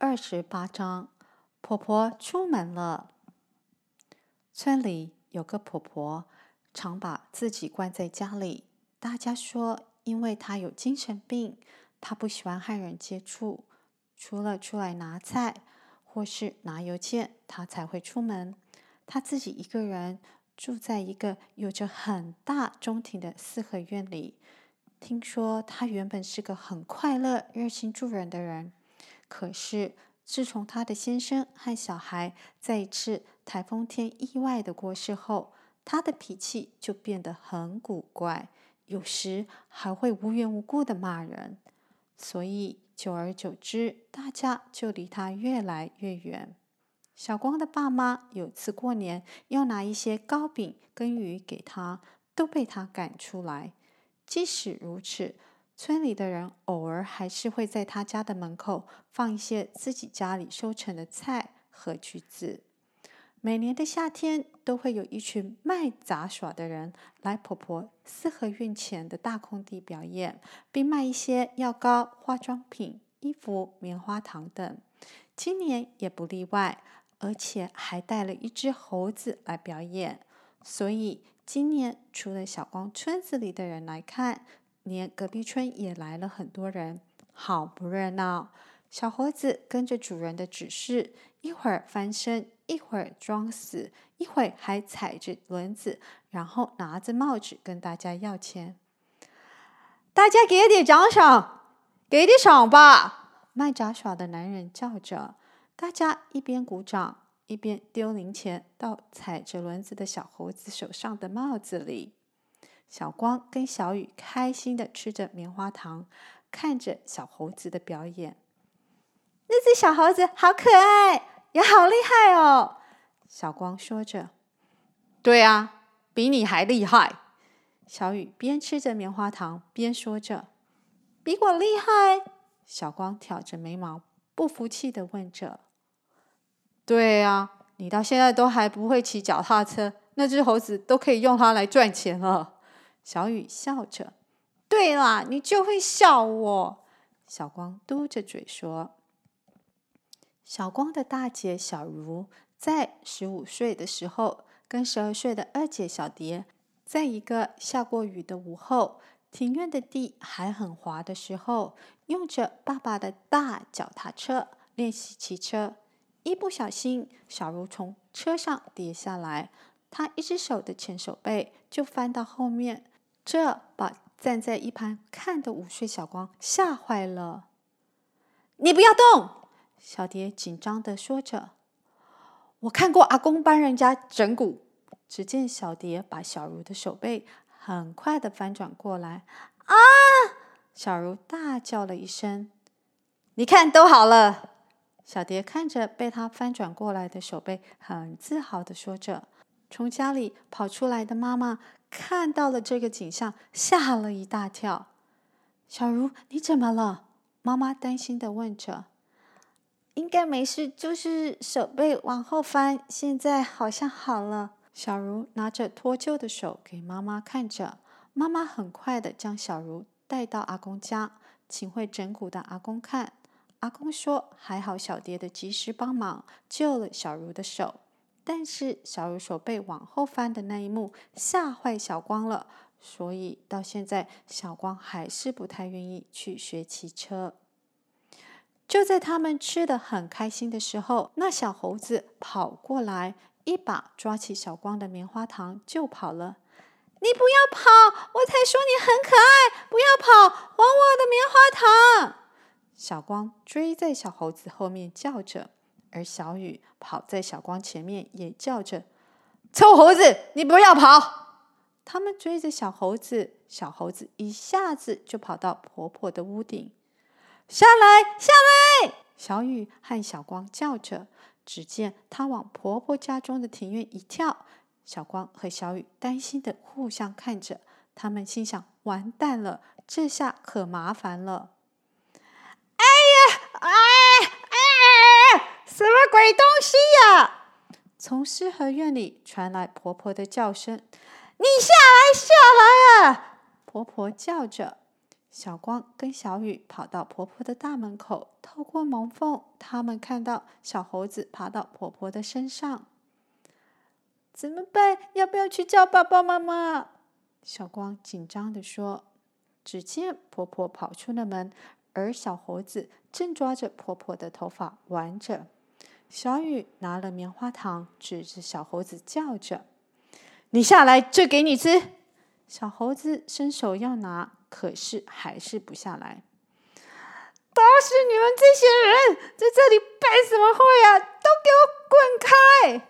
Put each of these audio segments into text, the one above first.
二十八章，婆婆出門了。村裡有個婆婆，常把自己關在家裡。大家說，因為她有精神病，她不喜歡和人接觸。除了出來拿菜或是拿郵件，她才會出門。她自己一個人住在一個有着很大中庭的四合院裡。聽說她原本是個很快樂、熱心助人的人。可是，自從他的先生和小孩在一次台風天意外的過世後，他的脾氣就變得很古怪，有時還會無緣無故的罵人。所以，久而久之，大家就離他越來越遠。小光的爸媽有次過年要拿一些糕餅跟魚給他，都被他趕出來。即使如此。村裡的人偶爾還是會在他家的門口放一些自己家裡收成的菜和橘子。每年的夏天都會有一群賣雜耍的人來婆婆四合院前的大空地表演，並賣一些藥膏、化妝品、衣服、棉花糖等。今年也不例外，而且還帶了一隻猴子來表演。所以今年除了小光村子裡的人來看。年隔壁村也來了很多人，好不熱鬧。小猴子跟着主人的指示，一會兒翻身，一會兒裝死，一會兒還踩着輪子，然後拿着帽子跟大家要錢。大家給點獎賞，給點賞吧！賣雜耍的男人叫着，大家一邊鼓掌，一邊丟零錢到踩着輪子的小猴子手上的帽子裡。小光跟小宇開心的吃着棉花糖，看着小猴子的表演。那隻小猴子好可愛，也好厲害哦。小光說着：“對啊，比你還厲害。”小宇邊吃着棉花糖邊說着：“比我厲害？”小光挑着眉毛，不服氣的問着：“對啊，你到現在都還不會騎腳踏車，那隻猴子都可以用它來賺錢了。”小宇笑着：“對啦，你就會笑我。”小光嘟着嘴說：“小光的大姐小茹在十五歲的時候，跟十二歲的二姐小蝶，在一個下過雨的午後，庭院的地還很滑的時候，用着爸爸的大腳踏車練習騎車，一不小心，小茹從車上跌下來，她一隻手的前手背就翻到後面。”這把站在一旁看的午睡小光嚇壞了。你不要動，小蝶緊張的說着。我看過阿公幫人家整骨，只見小蝶把小如的手背很快的翻轉過來。啊！小如大叫了一聲。你看都好了。小蝶看着被他翻轉過來的手背，很自豪的說着。從家裡跑出來的媽媽看到了這個景象，嚇了一大跳。“小茹，你怎麼了？”媽媽擔心的問着。“應該沒事，就是手背往後翻，現在好像好了。”小茹拿着脫臼的手給媽媽看着。媽媽很快的將小茹帶到阿公家，請會整骨的阿公看。阿公說：“還好小蝶的及時幫忙救了小茹的手。”但是小宇手背往後翻的那一幕嚇壞小光了，所以到現在小光還是不太願意去學騎車。就在他們吃得很開心的時候，那小猴子跑過來，一把抓起小光的棉花糖就跑了。你不要跑！我才說你很可愛，不要跑，還我的棉花糖！小光追在小猴子後面叫着。而小宇跑在小光前面，也叫着：“臭猴子，你不要跑！”他們追着小猴子，小猴子一下子就跑到婆婆的屋頂。下來，下來！小宇和小光叫着。只見他往婆婆家中的庭院一跳，小光和小宇擔心的互相看着，他們心想：“完蛋了，這下可麻煩了。”什麼鬼東西呀、啊！從四合院裡傳來婆婆的叫聲：“你下來，下來啊！”婆婆叫着。小光跟小宇跑到婆婆的大門口，透過門縫，他們看到小猴子爬到婆婆的身上。怎麼辦？要不要去叫爸爸媽媽？小光緊張地說。只見婆婆跑出了門，而小猴子正抓着婆婆的頭髮玩着。小宇拿了棉花糖，指着小猴子叫着：“你下來，就給你吃。”小猴子伸手要拿，可是還是不下來。都是你們這些人，在這裡擺什麼會啊？都給我滾開！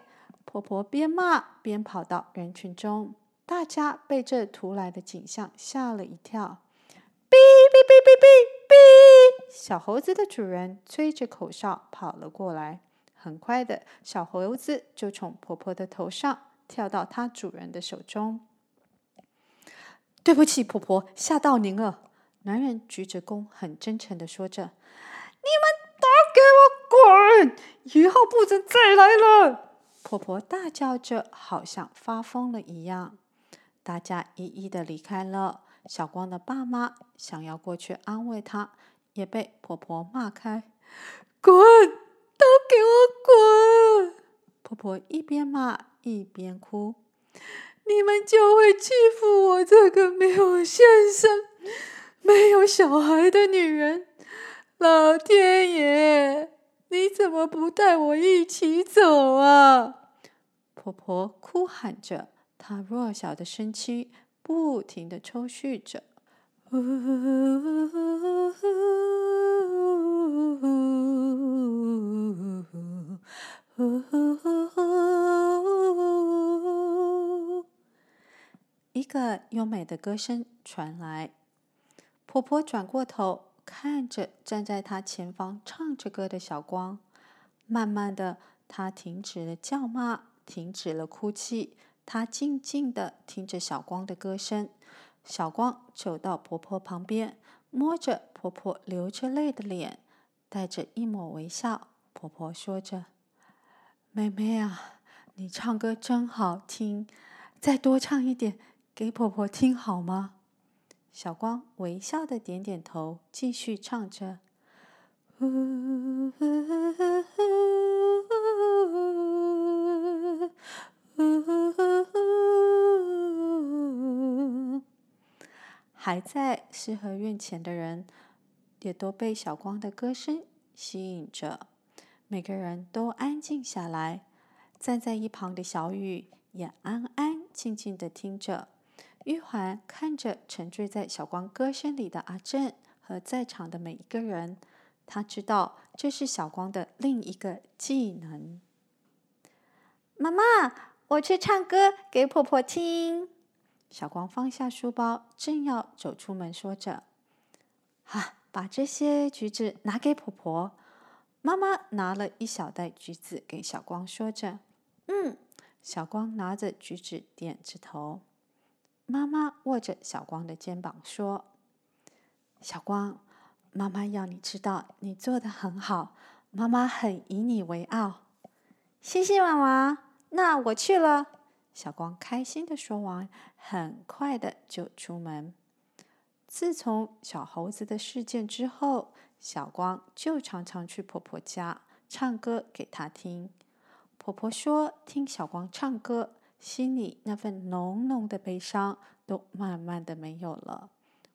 婆婆邊罵邊跑到人群中，大家被這突來的景象嚇了一跳。嗶嗶嗶嗶嗶嗶！小猴子的主人吹着口哨跑了過來。很快的，小猴子就從婆婆的頭上跳到它主人的手中。對不起，婆婆，嚇到您了。男人鞠著躬，很真誠的說着：“你們都給我滾，以後不准再來了。”婆婆大叫着，好像發瘋了一樣。大家一一的離開了。小光的爸媽想要過去安慰她，也被婆婆罵開：“滾！”都給我滾！婆婆一邊罵一邊哭，你們就會欺負我這個沒有先生、沒有小孩的女人。老天爺，你怎麼不帶我一起走啊？婆婆哭喊着她弱小的身軀不停的抽搐着。一個優美的歌聲傳來，婆婆轉過頭看着站在她前方唱着歌的小光。慢慢的，她停止了叫罵，停止了哭泣，她靜靜的聽着小光的歌聲。 小光走到婆婆旁邊，摸着婆婆流着淚的臉，帶着一抹微笑。婆婆說着：“妹妹啊，你唱歌真好聽，再多唱一點，給婆婆聽好嗎？”小光微笑的點點頭，繼續唱着。 嗯嗯嗯嗯還在四合院前的人，也都被小光的歌聲吸引着。每個人都安靜下來，站在一旁的小宇也安安靜靜的聽着。玉環看着沉醉在小光歌聲裡的阿正和在場的每一個人，她知道這是小光的另一個技能。媽媽，我去唱歌給婆婆聽。小光放下書包，正要走出門，說着：“哈、啊，把這些橘子拿給婆婆。”媽媽拿了一小袋橘子給小光，說着：“嗯。”小光拿着橘子，點着頭。媽媽握着小光的肩膀說：“小光，媽媽要你知道，你做的很好，媽媽很以你為傲。”謝謝媽媽，那我去了。小光開心的說完，很快的就出門。自從小猴子的事件之後，小光就常常去婆婆家唱歌給她聽。婆婆說，聽小光唱歌，心裡那份濃濃的悲傷都慢慢的沒有了，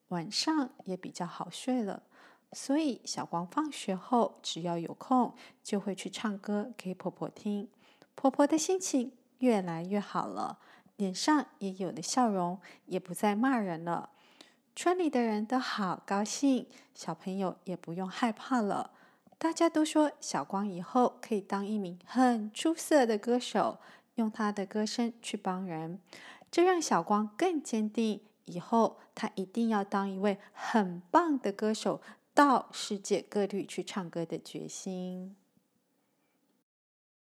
晚上也比較好睡了。所以，小光放學後只要有空，就會去唱歌給婆婆聽。婆婆的心情越來越好了，臉上也有了笑容，也不再罵人了。村裡的人都好高興，小朋友也不用害怕了。大家都說小光以後可以當一名很出色的歌手，用他的歌聲去幫人。這讓小光更堅定，以後他一定要當一位很棒的歌手，到世界各地去唱歌的決心。